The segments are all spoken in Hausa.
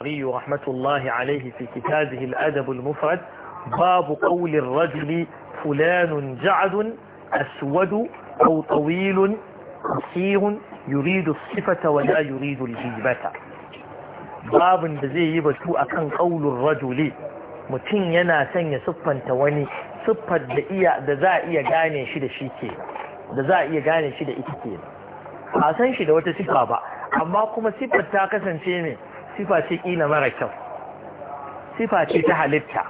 البخاري رحمة الله عليه في كتابه الأدب المفرد باب قول الرجل فلان جعد أسود أو طويل قصير يريد الصفة ولا يريد الهيبة باب بزي بتو أكن قول الرجل متين ينا سن صفا تواني صفا دقيقة دزائية غاني شد شيكي دزائية غاني شد إتكي ba san shi da wata sifa ba amma kuma siffar ta kasance ne sifa ce ƙila mara kyau sifa ce ta halitta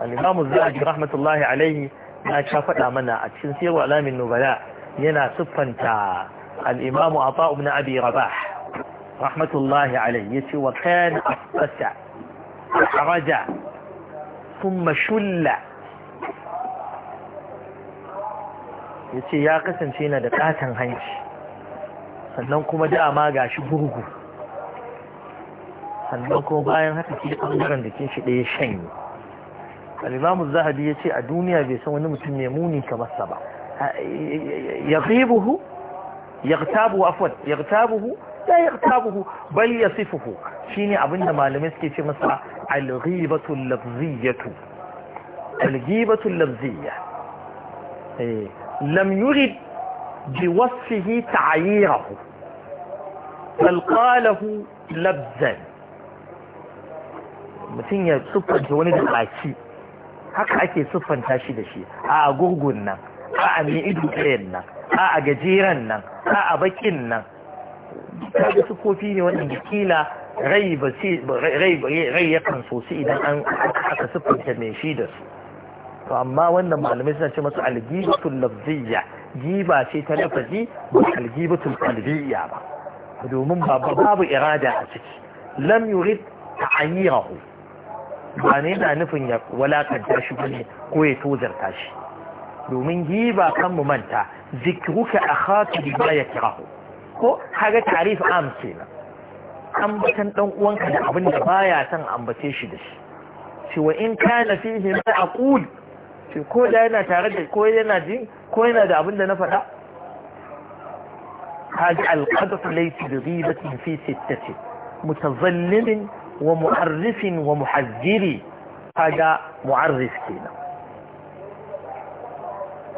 al'imamu zaji rahmatullahi alaihi na sha faɗa mana a cikin siyarwa alamin nubala yana siffanta al'imamu a fa'u na abi rabah rahmatullahi alaihi ya ce wa kayan afasa a haraja sun mashulla ya ce ya kasance na da ƙatan hanci sannan kuma da ma ga shi gurgu sannan kuma bayan haka ke ɓangaren da ke shi ɗaya shanye alimamu zahabi ya ce a duniya bai san wani mutum mai muni kamar sa ba ya ribuhu ya tabuhu afwan ya tabuhu ya ya tabuhu bal ya sifuhu shine abinda malamai suke ce masa al-ghibatu lafziyatu lafziyya eh, lam yurid بوصفه تعييره بل قاله لبزا mutum ya siffanta wani da baki haka ake siffanta shi da shi a agurgun nan a a ido ɗayan nan a a gajeren nan a a bakin nan ta ga sukofi ne wannan kila rai ya kan idan an aka siffanta mai shi da su to amma wannan malamai suna ce masu algibatul lafziyya giba ce ta lafazi ba algibatul qalbiyya ba domin babu irada a ciki lam yurid ta'ayirahu ba ne na nufin ya walakanta shi bane ko ya tozarta shi domin giba kan mu manta zikruka akhaka bima yakrahu ko kaga tarif am kenan ambatan dan uwanka da abin da baya son ambace shi da shi cewa in kana fihi ma aqul shi ko da yana tare da ko yana jin ko yana da abinda da na faɗa kaji alƙadar laifi da ribatin fi sittace mutazallimin wa mu'arrifin wa muhajjiri kaga mu'arrif kenan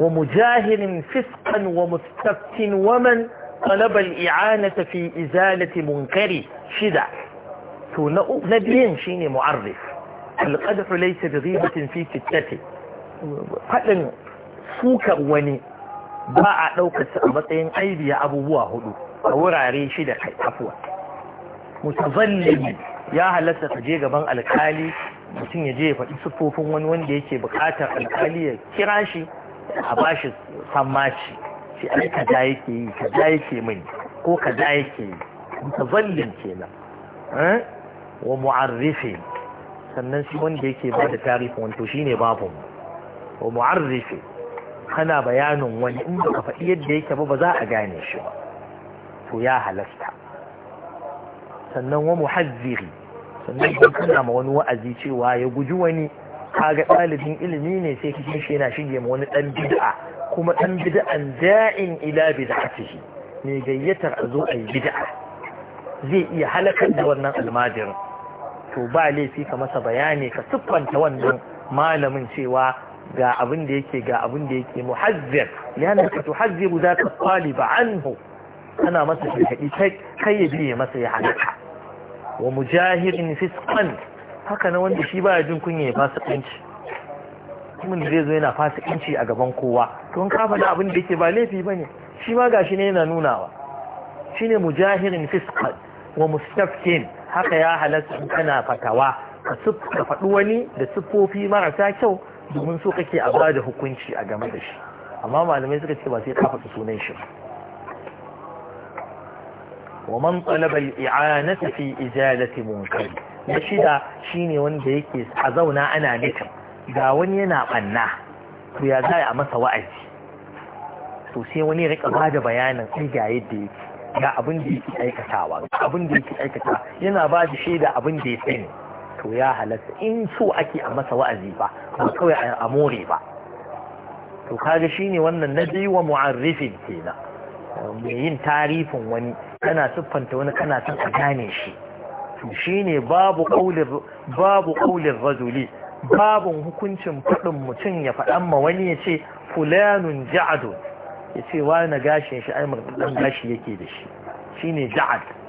wa mujahirin fiskan wa mustaftin wa man طلب الإعانة في إزالة منكر شدة نبيين شيني معرف القدح ليس بغيبة في ستته faɗin sukar wani ba a ɗaukar a matsayin aibiya abubuwa hudu a wurare shida kai afuwa mutazallimi ya halasta ka je gaban alkali mutum ya je ya faɗi siffofin wani wanda yake buƙatar alkali ya kira shi a ba shi sammaci shi ai da yake yi ka da yake mini ko ka da yake yi mutazallim kenan eh? wa mu'arrifin sannan shi wanda yake ba da tarihi wanto shine babu mu wa mu'arrifi kana bayanin wani in ba faɗi yadda yake ba ba za a gane shi ba to ya halasta sannan wa muhazziri sannan kun kana ma wani wa'azi cewa ya guji wani kaga ɗalibin ilimi ne sai kike shi yana shige ma wani ɗan bid'a kuma ɗan bid'an da'in ila bid'atihi mai gayyatar a zo a yi bid'a zai iya halakar da wannan almajirin to ba laifi ka masa bayani ka siffanta wannan malamin cewa ga abin da yake ga abin da yake muhazzir yana ka tuhazziru za ka taliba anhu ana masa shirkaɗi kai ya biye masa ya halaka wa mujahirin fisqan haka na wanda shi baya jin kunya ya fasikanci Kuma da zai zo yana fasa fasikanci a gaban kowa to in ka faɗa abin da yake ba laifi ba ne shi ma gashi ne yana nunawa shine mujahirin fisqan wa mustafkin haka ya halatta kana fatawa ka faɗi wani da siffofi marasa kyau domin so kake a ba da hukunci a game da shi amma malamai suka ce ba sai ka faɗi sunan shi wa man talaba al-i'anata fi izalati munkar na shida shine wanda yake a zauna ana nitin ga wani yana banna to ya zai a masa wa'azi to sai wani rika ba da bayanin sai ga yadda yake ga abin da yake aikatawa abin da yake aikata yana ba da shaida abin da ya sani to ya halatta in so ake a masa wa'azi ba ba kawai a more ba to kaga shine wannan na biyu wa mu'arrifin kenan mai yin tarifin wani kana siffanta wani kana son a gane shi to shine babu babu qaulin rajuli babu hukuncin faɗin mutum ya faɗan ma wani ya ce fulanun ja'adun ya ce wani gashin shi ai ɗan gashi yake da shi shine ja'ad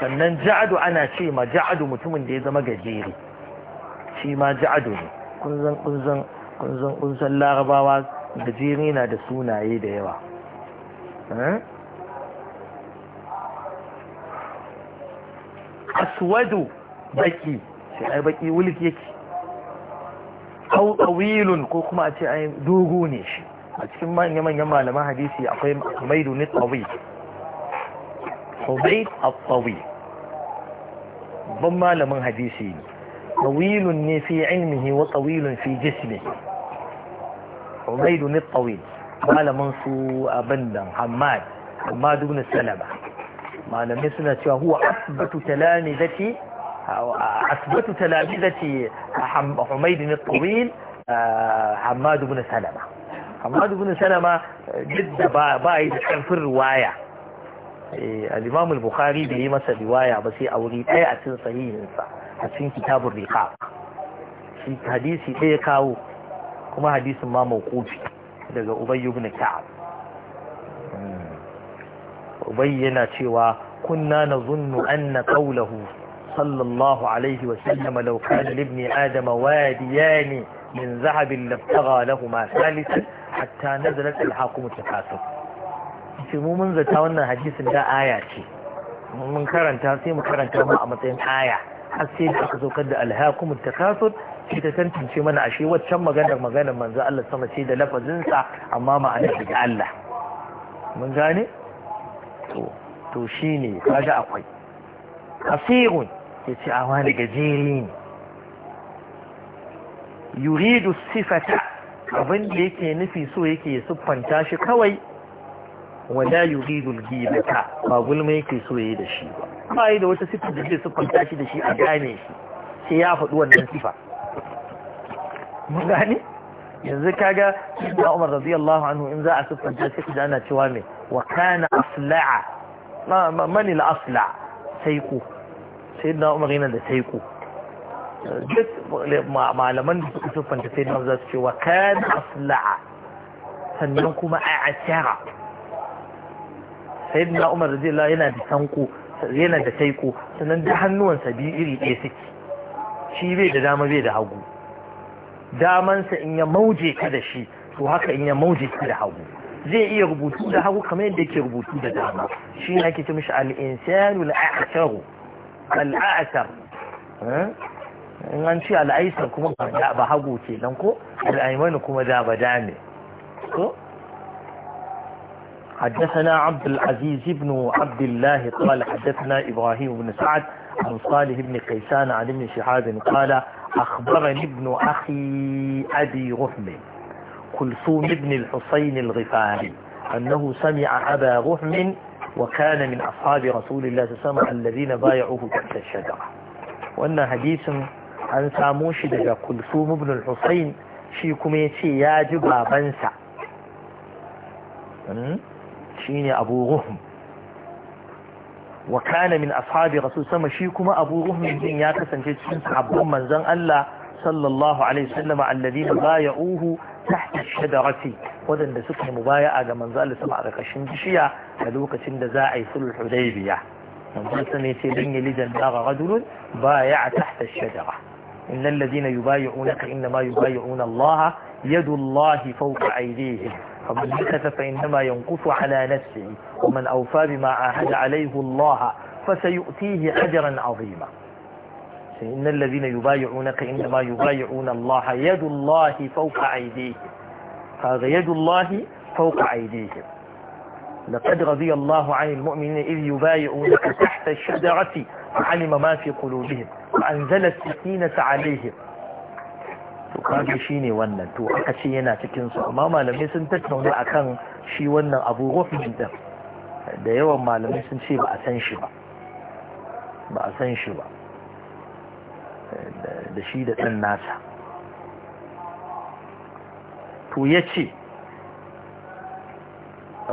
sannan ja'adu ana ce ma ja'adu mutumin da ya zama gajere shi ma ja'adu ne kunzan kunzan kunzan kunzan larabawa gajere na da sunaye da yawa eh? aswadu baki sai ai baki wulik yake au tsawilun ko kuma a ce ai dogo ne shi a cikin manya-manyan malaman hadisi akwai maidu ne tsawil Hubayb al-Tawil ban malamin hadisi ne tawilun ne fi ilmihi wa tawilun fi jismi ubaidu ne tawil malamin su abin nan hamad hamad na salama malamai suna cewa huwa asbatu talani zati asbatu zati humaid ne tawil hamadu ibn salama hamadu ibn salama duk da ba yi da karfin ruwaya Eh, al-imam al-bukhari bai yi masa riwaya ba sai a wuri ɗaya a cikin a cikin kitabun riqaq shi hadisi ɗaya kawo kuma hadisin ma mawqufi daga ubay ibn ka'ab hmm. ubay yana cewa kunna nazunnu anna qawluhu sallallahu alaihi wa sallam law kana ibni adam wadiyani min zahabin labtagha lahuma thalithan hatta nazalat al-hakum takasur ce mu mun zata wannan hadisin da aya ce mun karanta sai mu karanta mu a matsayin aya har sai da zo saukar da alhaakum takasur sai ta tantance mana ashe waccan maganar maganar manzo Allah sama ce da lafazinsa amma ma'anar daga Allah mun gane to to shine kaga akwai kasirun ya ce a wani gajeri ne yuridu sifata abin da yake nufi so yake siffanta shi kawai wala yuridul ghibata ba gulma yake so da shi ba ba yi da wata sifa da zai sufanta shi da shi a gane shi sai ya faɗi wannan sifa mun gane yanzu kaga da Umar radiyallahu anhu in za a siffanta shi da ana cewa me wa kana asla'a man al asla saiku sayyidina Umar yana da saiku duk malaman da suka siffanta sayyidina Umar za su ce wa kana asla'a sannan kuma a asara na umar zai yana da tanko yana da taiko sannan da hannuwansa biyu iri ɗaya suke shi bai da dama bai da hagu damansa in ya mauje ka da shi to haka in ya mauje ka da hagu zai iya rubutu da hagu kamar yadda yake rubutu da dama shi na ke ce al'insanu al'asaru al'asar eh? in an ce al'aisar kuma ba hagu ke nan ko al'aimanu kuma da ba dame ko حدثنا عبد العزيز بن عبد الله قال حدثنا إبراهيم بن سعد عن صالح بن قيسان عن ابن شهاب قال أخبرني ابن أخي أبي غهم كلثوم بن الحسين الغفاري أنه سمع أبا غهم وكان من أصحاب رسول الله صلى الله عليه وسلم الذين بايعوه تحت الشجرة وأن حديث عن ساموش دجا كلثوم بن الحسين شيكم يتي يا جبا بنسع shine abu ruhum wa kana min ashabi rasul sama shi kuma abu ruhum din ya kasance cikin sahabban manzon Allah sallallahu alaihi wasallam alladhina bay'uhu tahta shadarati da suka yi mubaya'a ga manzon Allah sama a ƙarƙashin bishiya a lokacin da za a yi sulh hudaybiya manzon sama yace dan yali jannara rajulun bay'a tahta shajara innal ladina yubay'unaka inma yubay'una Allah yadu Allah fawqa aydihim فمن نكث فإنما ينقص على نفسه ومن أوفى بما عاهد عليه الله فسيؤتيه أجرا عظيما إن الذين يبايعونك إنما يبايعون الله يد الله فوق أيديهم هذا يد الله فوق أيديهم لقد رضي الله عن المؤمنين إذ يبايعونك تحت الشجرة فعلم ما في قلوبهم وأنزل السكينة عليهم kaji shi ne wannan to aka ce yana cikinsu amma malamai sun tattauna a kan shi wannan abu rufin da da yawan malamai sun ce ba a san shi ba ba a san shi ba da shi da ɗan nasa to ya ce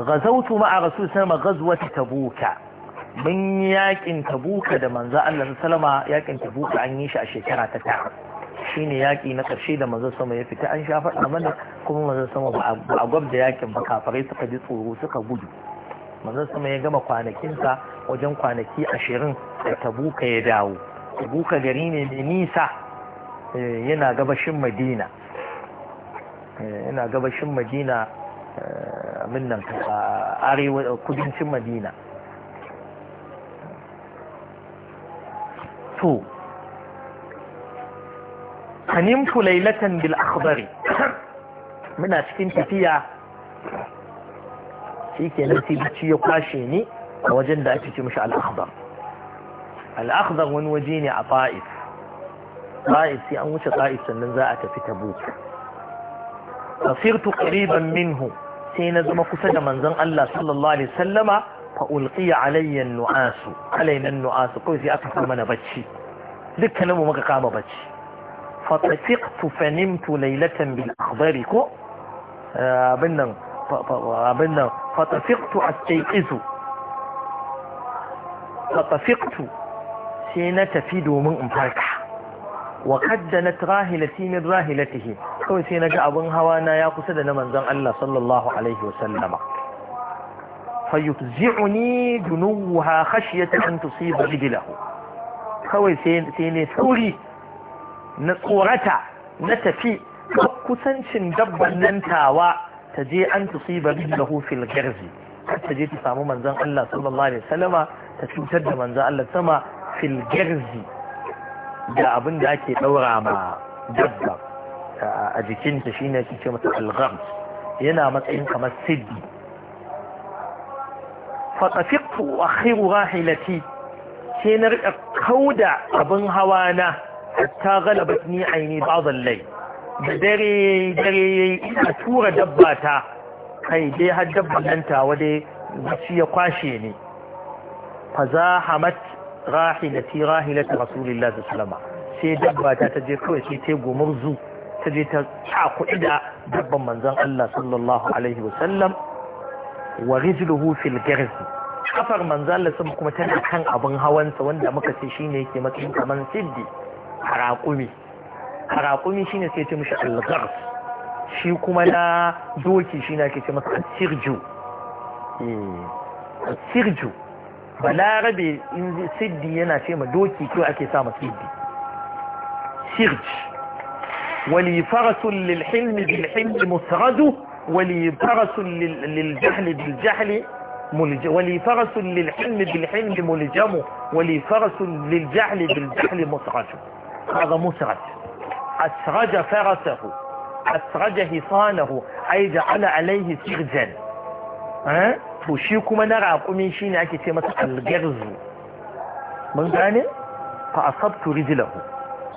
gazautu ma'a rasu sama gazuwata tabuka bin yakin tabuka da manzo Allah yaƙin yakin tabuka an yi shi a shekara ta tara ne yaƙi na ƙarshe da mazan sama ya fita an sha faɗa mana kuma mazan sama ba a gwabda yaƙin ba kafarai suka ji tsoro suka gudu mazan sama ya gama kwanakinsa wajen kwanaki ashirin da tabuka ya dawo tabuka gari ne mai nisa eh, yana gabashin madina eh, yana madina eh, abin kudancin madina hanim lailatan bil akhbari muna cikin tafiya shi ke ya kwashe ni a wajen da ake ce mishi al-akhbar al-akhbar wani waje ne a fa'is fa'is sai an wuce fa'is sannan za a tafi tabuk fasirtu qariban minhu sai na zama kusa da manzon Allah sallallahu alaihi wasallama fa ulqiya alayya an nu'asu alaina an-nu'as kawai sai aka kama na bacci dukkaninmu muka kama bacci فتسقت فنمت ليلة بالأخبار كو عبنا آه، عبنا فتسقت أستيقظ فتسقت سينة في دوم أمبارك وقدنت راهلتي من راهلته كو سينة أبن هوانا يا قسد نمن زن الله صلى الله عليه وسلم فيفزعني دنوها خشية أن تصيب بدله كو سينة سوري na tsorata na tafi kusancin dabban nan tawa ta je an tusiba bihi fil garzi ta je ta samu manzon Allah sallallahu alaihi wasallama ta cutar da manzon Allah sama fil garzi da abin da ake daura ma dabba a jikinta shine ake ce mata al yana matsayin kamar siddi fatafiqtu akhiru rahilati sai na rika kauda abin hawa na hatta galabat aini ba'd al da dare dare ina tura dabba ta kai dai har dabban nan ta wade bacci ya kwashe ni fa zahamat rahilati rahilati rasulillahi sallallahu alaihi wasallam sai dabba ta ta je kawai sai ta gumurzu ta je ta cakuɗi da dabban manzon Allah sallallahu alaihi wasallam wa rijluhu fil garzi kafar manzon Allah kuma tana kan abin hawansa wanda muka ce shine yake matsayin kaman siddi haraƙumi haraƙumi shine ne sai ce mishi algars shi kuma na doki shine ake ce masa sirju asirju asirju balarabe in siddi yana ce ma doki kyau ake sa ma siddi sirj wali farasu lil hilmi bil hilmi musradu wali farasu lil jahli bil jahli ملج... ولي فرس للحلم بالحلم ملجم ولي فرس للجهل بالجهل مطرش هذا مسرج أسرج فرسه أسرج حصانه أي جعل عليه سرجا to shi kuma na raƙumin shi ne ake ce masa algerzu mun gane fa asabtu rijlahu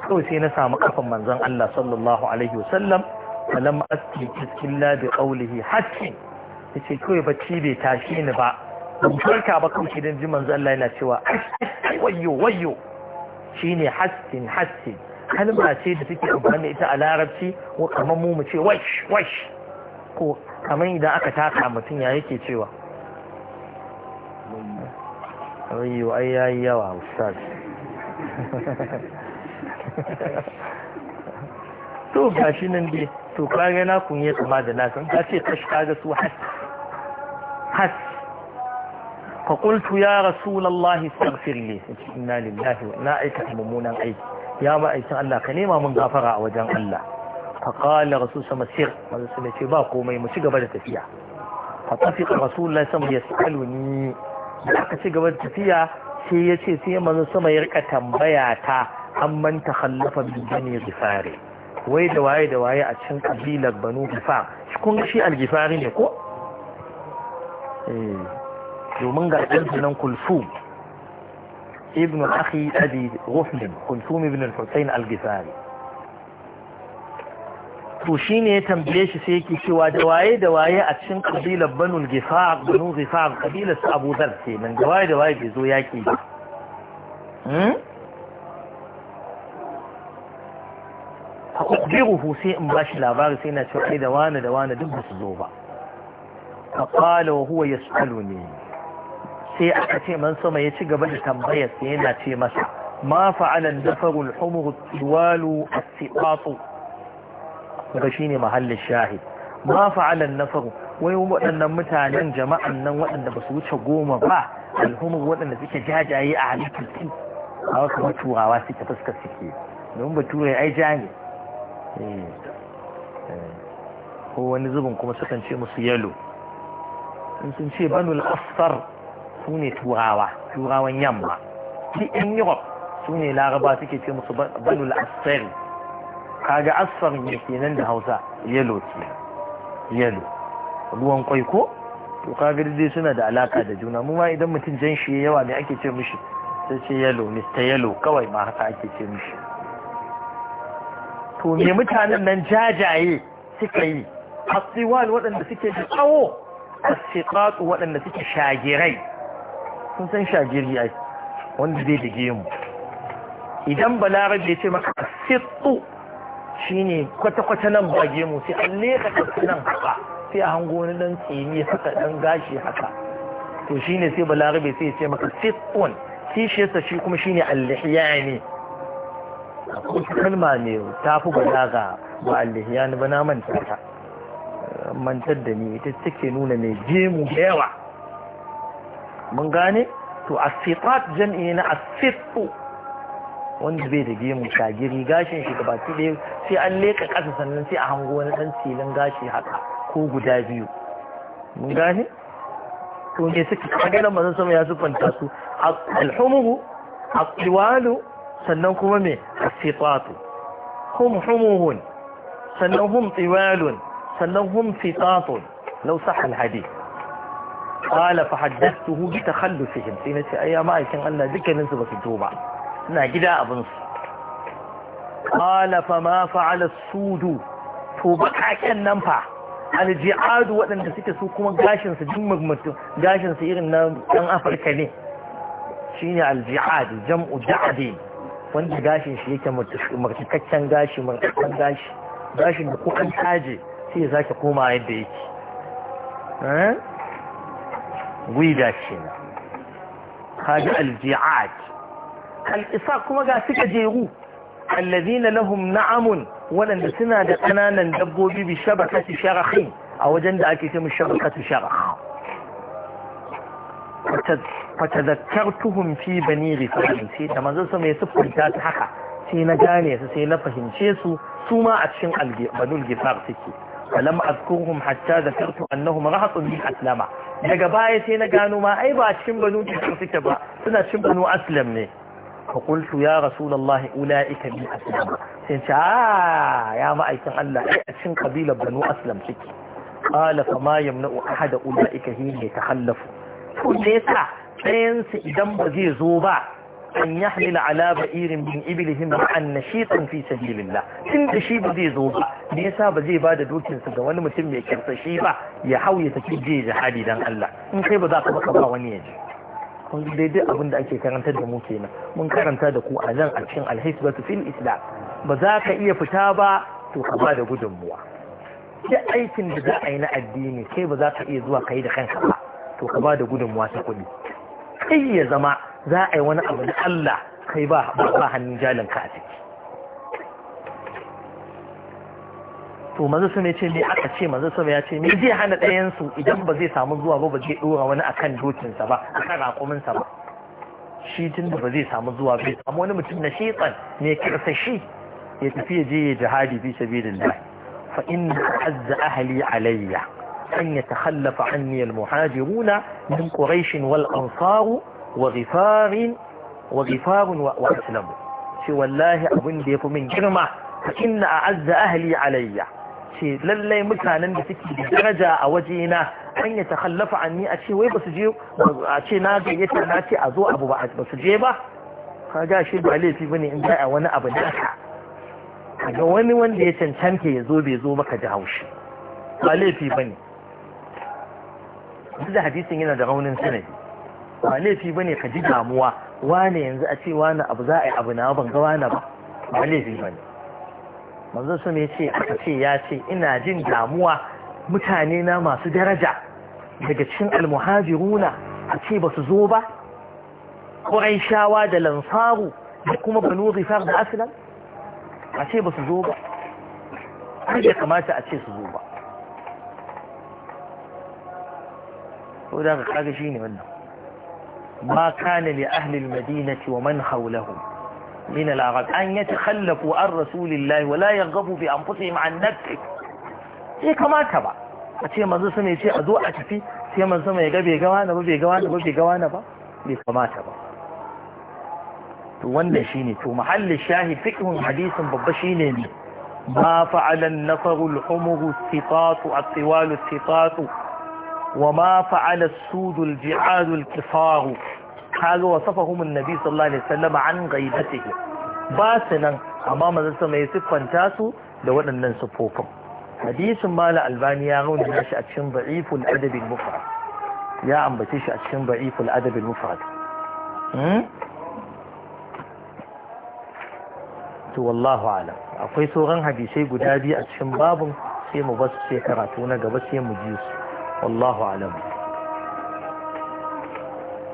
to sai na samu kafan manzon Allah sallallahu alaihi wasallam falam asti iskilla bi qawlihi hatta yace kai bacci bai tashi ni ba dan farka ba kan kidan ji manzon Allah yana cewa wayyo wayyo Shi ne hassin hassin kalma ce da suke amfani ita a larabci ko kamar mu mu ce wash wash ko kamar idan aka taka mutum ya yake cewa ayyo ai yayi yawa ustaz to shi nan dai to kaga na kun yi kama da nasan ka ce kash kaga su has has faƙultu ya rasu lallahi sarfirle a cikin na lillahi na aikata mummunan aiki ya ma'aikin Allah ka nema mun gafara a wajen Allah faƙala rasu sama sir masu su ce ba komai mu ci gaba da tafiya a tafi ka rasu lallai sama ya su kalu ni aka ci gaba da tafiya ce ya sai masu sama ya rika tambaya ta an manta hallafa bidani gifare wai da waye da waye a cikin kabilar banu gifar shi kun shi algifari ne ko? domin ga ɗansu nan kulsum ibn akhi abi ghuflin kulsum ibn al-husayn al-ghifari to shine ya tambaye shi sai yake cewa da waye da waye a cikin kabilar banul gifaq banu gifaq kabilar su abu dhar kenan da waye da waye bai zo yaki ba a ukbiruhu sai in bashi labari sai na cewa da wani da wani duk ba su zo ba fa qala wa huwa yas'aluni sai aka ce man sama ya ci gaba da tambaya sai yana ce masa ma fa'alan dafarul humur tiwalu as-siqatu ga shine mahallin shahid ma fa'alan nafaru wai waɗannan mutanen jama'an nan waɗanda ba su wuce goma ba alhumur waɗanda suke jajaye a halittar su a wasu maturawa suke fuskar suke domin bature ai ja ne eh, eh. ko wani zubin kuma sukan ce musu yalo in sun ce banul asfar su ne turawa turawan yamma shi in europe su ne laraba suke ce musu banul asfari kaga asfar ne kenan da hausa yalo ke yalo ruwan kwai ko to kaga dai suna da alaka da juna mu ma idan mutum jan shi yawa ne ake ce mishi sai ce yalo mr yalo kawai ma haka ake ce mishi to me mutanen nan jajaye suka yi asiwal waɗanda suke da tsawo asiqatu waɗanda suke shagirai kun san shagiri ai wanda zai dige mu idan balarabe ce maka shi shine kwata-kwata nan ba gemu sai an leka nan haka sai a hango wani dan tsini haka dan gashi haka to shine sai balarabe sai ya ce maka sittun kishiyarsa shi kuma shi ne shine ne. lihyani kalma ne ta fi balaga ba al ni ba na manta ta mantar da ni ita take nuna mai gemu da yawa mun gane to asifat jam'i na asifu wanda bai da gemu shagiri gashin shi gabaki ɗaya sai an leka ƙasa sannan sai a hango wani ɗan tilin gashi haka ko guda biyu mun gane to ne suke kaganan mazan sama ya siffanta su alhumuhu aqwalu sannan kuma me asifatu hum humuhun sannan hum tsiwalun sannan hum fi law lausa alhadith qala fa haddathtuhu bi takhallufihim sai nace ai ya ma'aikin Allah dukkanin su basu to ba suna gida abin su fa ma fa'ala sudu to bakaken nan fa alji'adu waɗanda suke su kuma gashin su jin mutum gashin irin na ɗan Afirka ne shine alji'adu jam'u da'adi wanda gashin shi yake martikakken gashi martikakken gashi gashin da ko an taje sai ya sake koma yadda yake wida ce kaji alji'at al'isa kuma ga suka jeru allazina lahum na'amun waɗanda suna da ƙananan dabbobi bi shabakati sharakhin a wajen da ake cewa shabakati sharakh fatazakkartuhum fi bani rifa'in sai da manzon sa mai siffanta ta haka sai na gane su sai na fahimce su su ma a cikin banul gifar suke falam azkurhum hatta zakartu annahum rahatun min aslama daga baya sai na gano ma ai ba cikin banu kisir suke ba suna cikin banu aslam ne fa qultu ya rasulullahi ulaika min aslam sai ce a ah, ya ma'aikin Allah a cikin kabilar banu aslam suke qala fa ma yamna'u ahada ulaika hin yatahallafu to ne yasa ɗayan idan ba zai zo ba an yahmila ala ba'irin bin iblihim ma'an nashitan fi sabilillah tun da shi ba zai zo ba me yasa ba zai bada dokin sa ga wani mutum mai kirsashi ba ya hauye ta kije jihadi dan Allah in kai ba za ka baka ba wani ya ji kun daidai abin da ake karantar da mu kenan mun karanta da ku a nan a cikin alhisbatu fil islam ba za ka iya fita ba to ka bada gudunmuwa duk aikin da za a yi na addini kai ba za ka iya zuwa kai da kanka ba to ka bada gudunmuwa ta kuɗi kai ya zama za a yi wani abu da Allah kai ba ba hannun jalin ka a ciki to mazu su ne ce ne aka ce mazu su ya ce ne zai hana ɗayansu idan ba zai samu zuwa ba ba zai ɗora wani akan dokinsa ba akan raƙuminsa ba shi tun da ba zai samu zuwa bai samu wani mutum na shekan ne kirsa shi ya tafi ya je ya jihadi fi sabilillah fa inna azza ahli alayya an yatakallafa anni muhajiruna min quraish wal ansar wa ghifarin wa ghifarun wa ce wallahi abin da yafi min girma fa inna a'azza ahli alayya ce lallai mutanen da suke da daraja a wajena an ya takhallafa anni a ce wai ba su je a ce na gayyata na ce a zo abu ba su je ba kaga shi ba laifi bane in ga wani abu naka kaga wani wanda ya cancanta ya zo bai zo maka ji haushi ba laifi bane duk da hadisin yana da raunin sanadi ba laifi bane ka ji damuwa wane yanzu a ce wane abu za a yi abu na ban ga wane ba ba laifi bane manzo su ne ce aka ce ya ce ina jin damuwa mutane na masu daraja daga cikin almuhajiruna a ce ba su zo ba shawa da lansaru da kuma banu rifar da asilan a ce ba su zo ba har da kamata a ce su zo ba ko da ka kaga shi ne wannan ما كان لأهل المدينة ومن حولهم من العرب أن يتخلفوا عن رسول الله ولا يرغبوا بأنفسهم عن نفسه sai kamata ba a ce manzo sama ya ce a zo a tafi sai manzo sama ya ga bai gawa na bai gawa na bai gawa na ba bai kamata ba to wannan mahallin hadisin babba shine ne ma fa'ala an wa ma fa'ala sudul ji'adul kifaru kaga wasafahum annabi sallallahu alaihi wasallam an ghaibatihi ba su nan amma manzon sama ya siffanta su da waɗannan siffofin hadisin mala albani ya rauna shi a cikin da'iful adab al ya ambace shi a cikin da'iful adab al to wallahu alam akwai sauran hadisai guda biyu a cikin babun sai mu basu sai karatu na gaba sai mu ji su والله أعلم